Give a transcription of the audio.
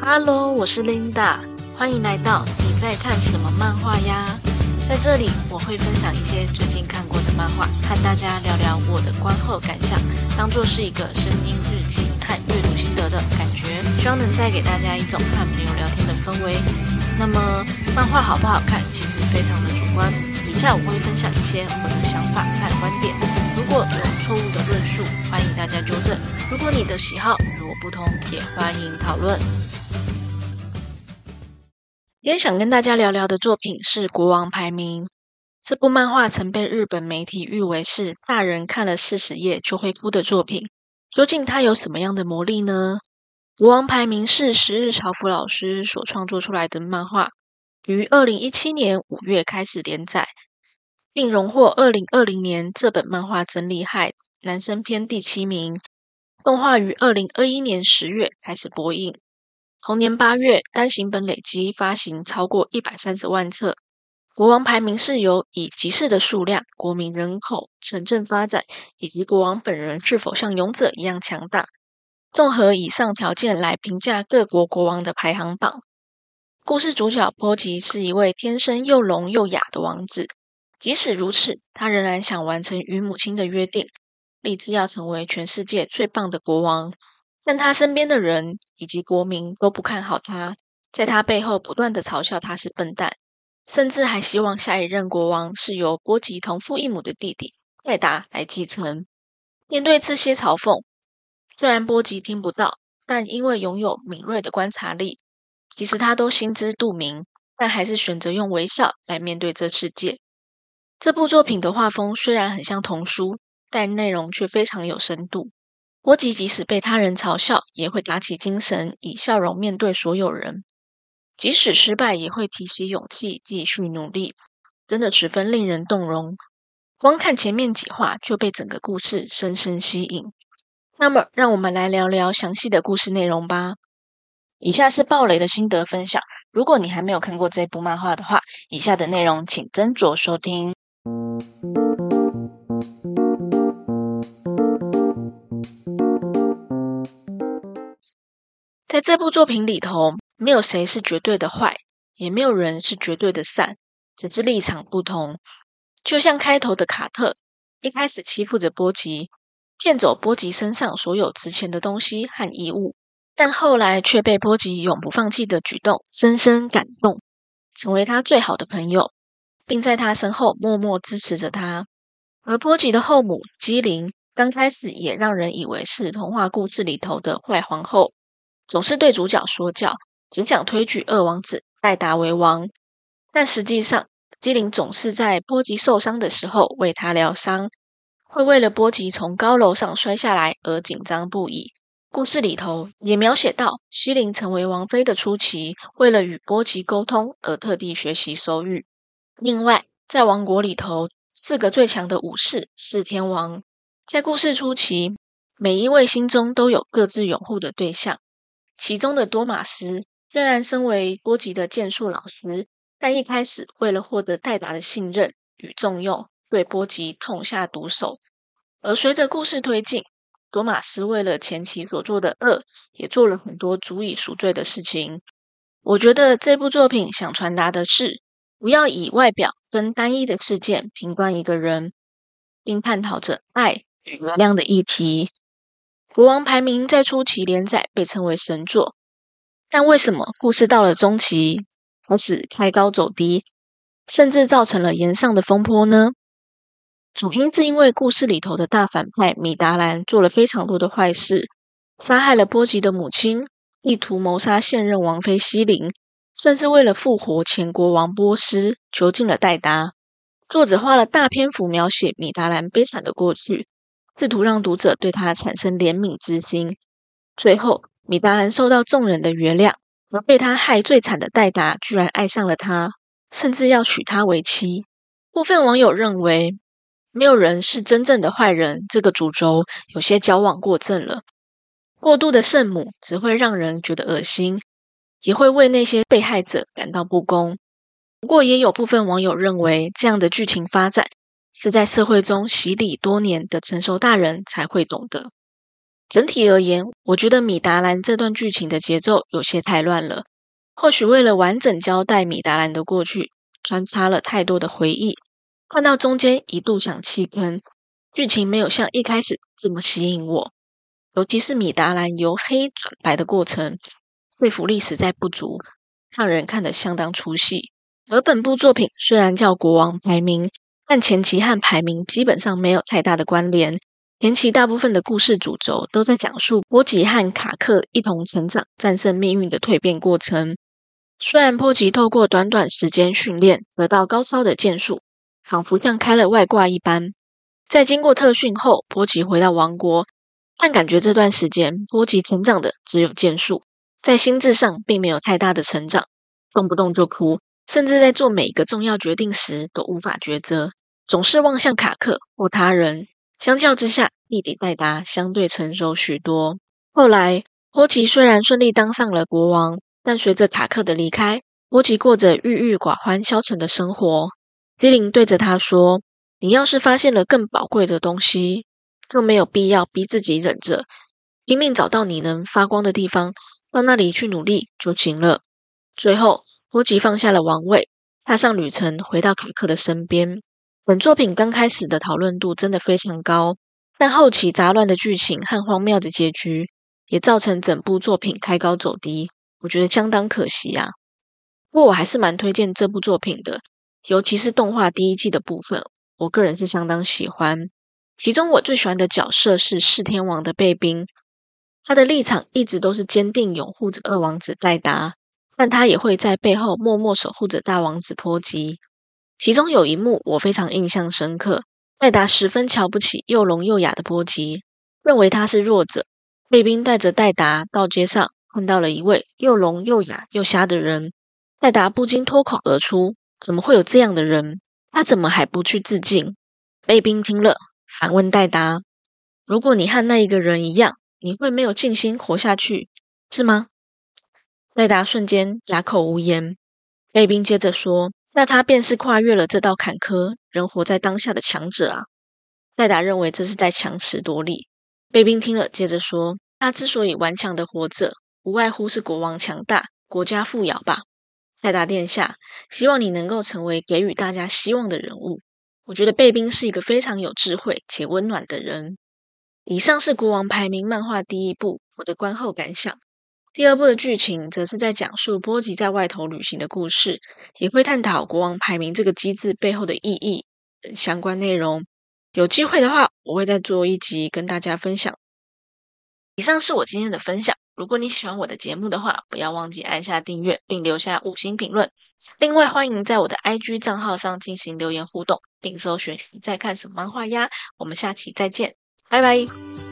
哈嘍，我是琳達。歡迎來到你在看什麼漫畫呀？在這裡我會分享一些最近看過的漫畫，和大家聊聊我的觀後感想，當做是一個聲音日記和閱讀心得的感覺，希望能帶給大家一種和朋友聊天的氛圍。那麼漫畫好不好看，其實非常的主觀。以下我會分享一些我的想法和觀點，如果有錯誤的論述，歡迎大家糾正。如果你的喜好與我不同，也歡迎討論。今天想跟大家聊聊的作品是《國王排名》這部漫畫，曾被日本媒體譽為是大人看了四十頁就會哭的作品。究竟它有什麼樣的魔力呢？《國王排名》是十日草輔老師所創作出來的漫畫，於二零一七年五月開始連載，並榮獲二零二零年這本漫畫真厲害男生篇第七名。動畫於二零二一年十月開始播映。同年八月，單行本累積發行超過一百三十萬冊。國王排名是由以騎士的數量、國民人口、城鎮發展以及國王本人是否像勇者一樣強大，綜合以上條件來評價各國國王的排行榜。故事主角波吉是一位天生又聾又啞的王子，即使如此，他仍然想完成與母親的約定，立志要成為全世界最棒的國王。但他身邊的人以及國民都不看好他，在他背後不斷的嘲笑他是笨蛋，甚至還希望下一任國王是由波吉同父異母的弟弟戴達來繼承。面對這些嘲諷，雖然波吉聽不到，但因為擁有敏銳的觀察力，其實他都心知肚明，但還是選擇用微笑來面對這世界。這部作品的畫風雖然很像童書，但內容卻非常有深度。波吉即使被他人嘲笑，也會打起精神，以笑容面對所有人；即使失敗，也會提起勇氣繼續努力。真的十分令人動容。光看前面幾話就被整個故事深深吸引。那麼，讓我們來聊聊詳細的故事內容吧。以下是爆雷的心得分享。如果你還沒有看過這部漫畫的話，以下的內容請斟酌收聽。在這部作品裡頭，沒有誰是絕對的壞，也沒有人是絕對的善，只是立場不同。就像開頭的卡特，一開始欺負着波吉，騙走波吉身上所有值錢的東西和衣物，但後來卻被波吉永不放棄的舉動深深感動，成為他最好的朋友，並在他身後默默支持着他。而波吉的後母基林，剛開始也讓人以為是童話故事裡頭的壞皇後。總是對主角說教，只想推舉二王子戴達為王，但實際上希林總是在波吉受傷的時候為他療傷，會為了波吉從高樓上摔下來而緊張不已。故事裡頭也描寫到，希林成為王妃的初期，為了與波吉溝通而特地學習手語。另外，在王國裡頭，四個最強的武士四天王，在故事初期，每一位心中都有各自擁護的對象。其中的多瑪斯雖然身為波吉的劍術老師，但一開始為了獲得戴達的信任與重用，對波吉痛下毒手。而隨着故事推進，多瑪斯為了前期所做的惡，也做了很多足以贖罪的事情。我覺得這部作品想傳達的是，不要以外表跟單一的事件評判一個人，並探討着愛與原諒的議題。國王排名在初期連載被稱為神作，但為什麼故事到了中期開始開高走低，甚至造成了炎上的風波呢？主因是因為故事裡頭的大反派米達蘭做了非常多的壞事，殺害了波吉的母親，意圖謀殺現任王妃西林，甚至為了復活前國王波斯，囚禁了戴達。作者花了大篇幅描寫米達蘭悲慘的過去。試圖讓讀者對他產生憐憫之心。最後，米達蘭受到眾人的原諒，而被他害最慘的戴達居然愛上了他，甚至要娶她為妻。部分網友認為，沒有人是真正的壞人，這個主軸有些矯枉過正了。過度的聖母只會讓人覺得噁心，也會為那些被害者感到不公。不過，也有部分網友認為，這樣的劇情發展。是在社會中洗禮多年的成熟大人才會懂得。整體而言，我覺得米達蘭這段劇情的節奏有些太亂了。或許為了完整交代米達蘭的過去，穿插了太多的回憶，看到中間一度想棄坑。劇情沒有像一開始這麼吸引我，尤其是米達蘭由黑轉白的過程，說服力實在不足，讓人看得相當出戲。而本部作品雖然叫《國王排名》，但前期和排名基本上沒有太大的關聯。前期大部分的故事主軸都在講述波吉和卡克一同成長、戰勝命運的蛻變過程。雖然波吉透過短短時間訓練得到高超的劍術，仿佛像開了外掛一般。在經過特訓後，波吉回到王國，但感覺這段時間波吉成長的只有劍術，在心智上並沒有太大的成長，動不動就哭。甚至在做每一個重要決定時都無法抉擇，總是望向卡克或他人。相較之下，弟弟戴達相對成熟許多。後來，波奇雖然順利當上了國王，但隨着卡克的離開，波奇過着鬱鬱寡歡、消沉的生活。基靈對着他說：“你要是發現了更寶貴的東西，就沒有必要逼自己忍着，拼命找到你能發光的地方，到那裡去努力就行了。”最後。波吉放下了王位，踏上旅程，回到卡克的身邊。本作品剛開始的討論度真的非常高，但後期雜亂的劇情和荒謬的結局，也造成整部作品開高走低，我覺得相當可惜啊。不過我還是蠻推薦這部作品的，尤其是動畫第一季的部分，我個人是相當喜歡。其中我最喜歡的角色是四天王的貝賓，他的立場一直都是堅定擁護着二王子戴達。但他也會在背後默默守護着大王子波吉。其中有一幕我非常印象深刻，戴達十分瞧不起又聾又啞的波吉，認為他是弱者。貝賓帶着戴達到街上，碰到了一位又聾又啞又瞎的人，戴達不禁脫口而出：“怎麼會有這樣的人？他怎麼還不去自盡？”貝賓聽了，反問戴達：“如果你和那一個人一樣，你會沒有信心活下去，是嗎？”戴達瞬間啞口無言，貝賓接着說：“那他便是跨越了這道坎坷，仍活在當下的強者啊！”戴達認為這是在強詞奪理。貝賓聽了，接着說：“他之所以頑強的活着，無外乎是國王強大，國家富饒吧。”戴達殿下，希望你能夠成為給予大家希望的人物。我覺得貝賓是一個非常有智慧且溫暖的人。以上是國王排名漫畫第一部我的觀後感想。第二部的劇情則是在講述波吉在外頭旅行的故事，也會探討國王排名這個機制背後的意義等相關內容。有機會的話，我會再做一集跟大家分享。以上是我今天的分享。如果你喜歡我的節目的話，不要忘記按下訂閱並留下五星評論。另外，歡迎在我的 IG 賬號上進行留言互動，並搜尋你在看什麼漫畫呀。我們下期再見，拜拜。